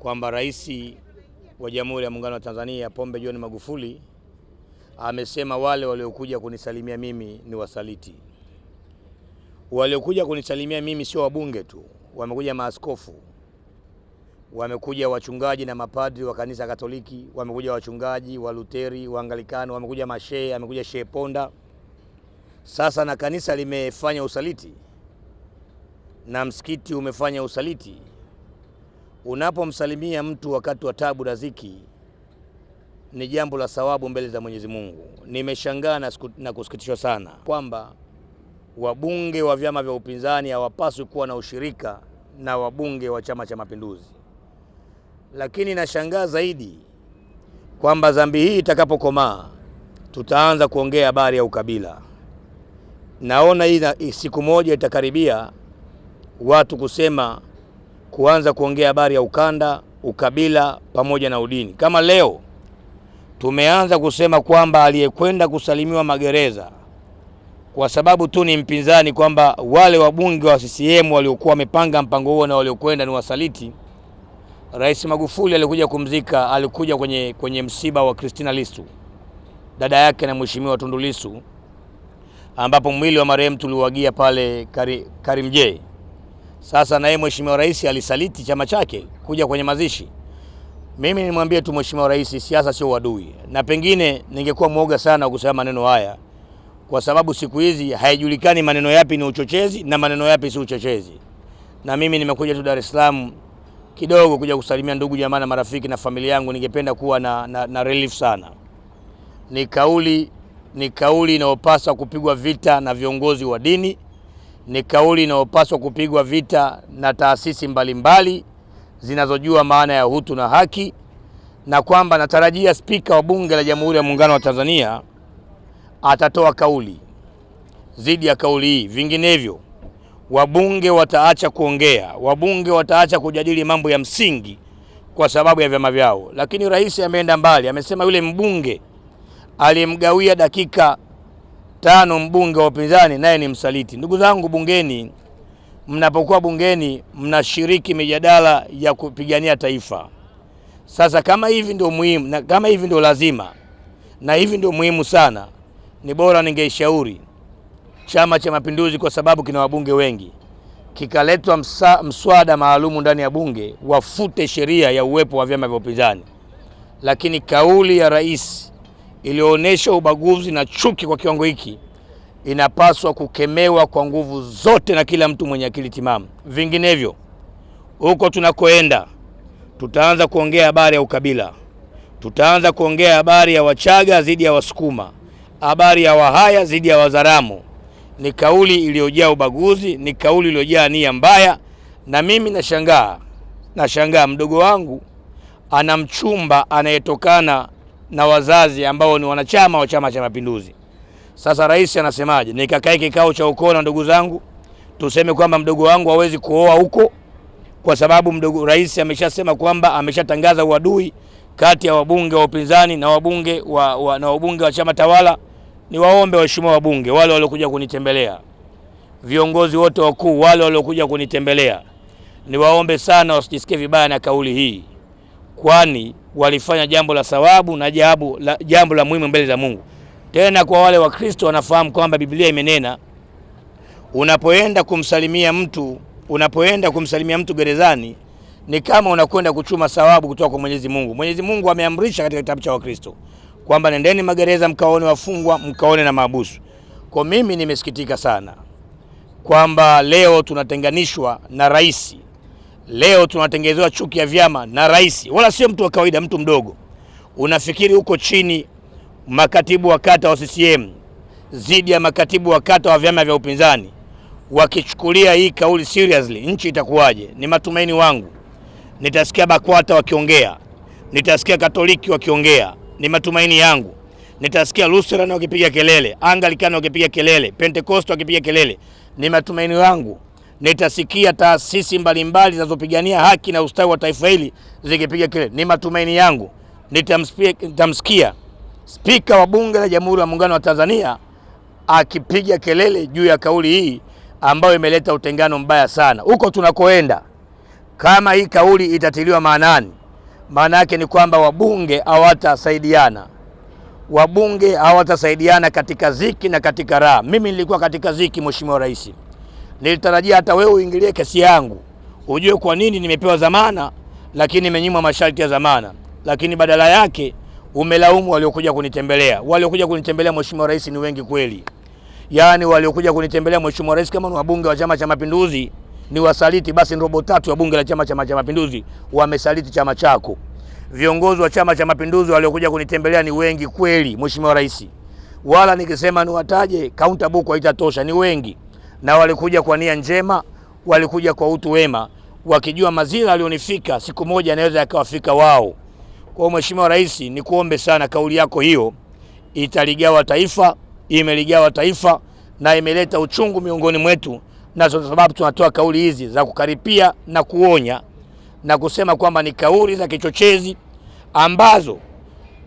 kwamba Rais wa Jamhuri ya Muungano wa Tanzania Pombe John Magufuli amesema wale waliokuja kunisalimia mimi ni wasaliti. Waliokuja kunisalimia mimi sio wabunge tu, wamekuja maaskofu, wamekuja wachungaji na mapadri wa kanisa Katoliki, wamekuja wachungaji wa Luteri, Waanglikano, wamekuja mashehe, amekuja Shehe Ponda. Sasa na kanisa limefanya usaliti na msikiti umefanya usaliti unapomsalimia mtu wakati wa tabu na ziki ni jambo la sawabu mbele za Mwenyezi Mungu. Nimeshangaa na, na kusikitishwa sana kwamba wabunge wa vyama vya upinzani hawapaswi kuwa na ushirika na wabunge wa Chama cha Mapinduzi, lakini nashangaa zaidi kwamba dhambi hii itakapokomaa tutaanza kuongea habari ya ukabila. Naona hii siku moja itakaribia watu kusema kuanza kuongea habari ya ukanda, ukabila pamoja na udini. Kama leo tumeanza kusema kwamba aliyekwenda kusalimiwa magereza kwa sababu tu ni mpinzani, kwamba wale wabunge wa CCM waliokuwa wamepanga mpango huo na waliokwenda ni wasaliti. Rais Magufuli alikuja kumzika, alikuja kwenye, kwenye msiba wa Christina Lissu dada yake na mheshimiwa Tundu Lissu ambapo mwili wa marehemu tuliuagia pale Karimjee. Sasa naye Mheshimiwa Rais alisaliti chama chake kuja kwenye mazishi. Mimi nimwambie tu Mheshimiwa Rais, siasa sio uadui, na pengine ningekuwa mwoga sana kusema maneno haya, kwa sababu siku hizi haijulikani maneno yapi ni uchochezi na maneno yapi si uchochezi. Na mimi nimekuja tu Dar es Salaam kidogo kuja kusalimia ndugu jamaa na marafiki na familia yangu. Ningependa kuwa na, na, na relief sana. Ni kauli ni kauli inayopaswa kupigwa vita na viongozi wa dini ni kauli inayopaswa kupigwa vita na taasisi mbalimbali zinazojua maana ya utu na haki, na kwamba natarajia Spika wa Bunge la Jamhuri ya Muungano wa Tanzania atatoa kauli dhidi ya kauli hii. Vinginevyo wabunge wataacha kuongea, wabunge wataacha kujadili mambo ya msingi kwa sababu ya vyama vyao. Lakini rais ameenda mbali, amesema yule mbunge aliyemgawia dakika tano mbunge wa upinzani naye ni msaliti. Ndugu zangu bungeni, mnapokuwa bungeni mnashiriki mijadala ya kupigania taifa. Sasa kama hivi ndio muhimu na kama hivi ndio lazima na hivi ndio muhimu sana, ni bora ningeishauri Chama cha Mapinduzi, kwa sababu kina wabunge wengi, kikaletwa mswada maalumu ndani ya bunge, wafute sheria ya uwepo wa vyama vya upinzani. Lakini kauli ya rais iliyoonyesha ubaguzi na chuki kwa kiwango hiki inapaswa kukemewa kwa nguvu zote na kila mtu mwenye akili timamu. Vinginevyo, huko tunakoenda tutaanza kuongea habari ya ukabila, tutaanza kuongea habari ya Wachaga dhidi ya Wasukuma, habari ya Wahaya dhidi ya Wazaramu. Ni kauli iliyojaa ubaguzi, ni kauli iliyojaa nia mbaya. Na mimi nashangaa, nashangaa mdogo wangu ana mchumba anayetokana na wazazi ambao ni wanachama wa Chama cha Mapinduzi. Sasa rais anasemaje? Nikakae kikao cha ukoo na ndugu zangu, tuseme kwamba mdogo wangu hawezi kuoa huko, kwa sababu mdogo rais ameshasema kwamba ameshatangaza uadui kati ya wabunge wa upinzani na wabunge wa, wa, na wabunge wa chama tawala. Ni waombe waheshimiwa wabunge wale waliokuja kunitembelea, viongozi wote wakuu wale waliokuja kunitembelea, niwaombe sana wasijisikie vibaya na kauli hii, kwani walifanya jambo la sawabu na jambo la, jambo la muhimu mbele za Mungu. Tena kwa wale Wakristo wanafahamu kwamba Biblia imenena unapoenda kumsalimia mtu unapoenda kumsalimia mtu gerezani ni kama unakwenda kuchuma sawabu kutoka kwa Mwenyezi Mungu. Mwenyezi Mungu ameamrisha katika kitabu cha Wakristo kwamba nendeni magereza mkaone wafungwa mkaone na maabusu. Kwa mimi nimesikitika sana kwamba leo tunatenganishwa na rais Leo tunatengenezewa chuki ya vyama na rais, wala sio mtu wa kawaida, mtu mdogo. Unafikiri huko chini makatibu wa kata wa CCM zidi ya makatibu wa kata wa vyama vya upinzani wakichukulia hii kauli seriously, nchi itakuwaje? Ni matumaini wangu nitasikia BAKWATA wakiongea, nitasikia Katoliki wakiongea, ni matumaini yangu nitasikia Lutheran wakipiga kelele, Anglican wakipiga kelele, Pentecost wakipiga kelele, ni matumaini yangu nitasikia taasisi mbalimbali zinazopigania haki na ustawi wa taifa hili zikipiga kile. Ni matumaini yangu nitamsikia Spika wa Bunge la Jamhuri ya Muungano wa Tanzania akipiga kelele juu ya kauli hii ambayo imeleta utengano mbaya sana huko tunakoenda. Kama hii kauli itatiliwa maanani, maana yake ni kwamba wabunge hawatasaidiana, wabunge hawatasaidiana katika ziki na katika raha. Mimi nilikuwa katika ziki, Mheshimiwa Rais nilitarajia hata wewe uingilie kesi yangu ujue kwa nini nimepewa zamana lakini nimenyimwa masharti ya zamana, lakini badala yake umelaumu waliokuja kunitembelea. Waliokuja kunitembelea mheshimiwa rais ni wengi kweli, yaani waliokuja kunitembelea mheshimiwa rais, kama ni wabunge wa Chama cha Mapinduzi ni wasaliti, basi ni robo tatu ya bunge la Chama cha Mapinduzi wamesaliti chama chako. Viongozi wa Chama cha Mapinduzi waliokuja kunitembelea ni wengi kweli, mheshimiwa rais, wala nikisema niwataje, counter book haitatosha, ni wengi na walikuja kwa nia njema, walikuja kwa utu wema, wakijua mazira alionifika siku moja anaweza yakawafika wao. Kwa hiyo Mheshimiwa Rais, kuombe sana, kauli yako hiyo italigawa taifa, imeligawa taifa na imeleta uchungu miongoni mwetu, na ndio sababu tunatoa kauli hizi za kukaripia na kuonya na kusema kwamba ni kauli za kichochezi ambazo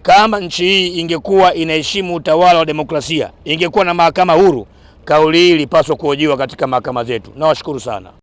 kama nchi hii ingekuwa inaheshimu utawala wa demokrasia, ingekuwa na mahakama huru, kauli hii ilipaswa kuhojiwa katika mahakama zetu. Nawashukuru sana.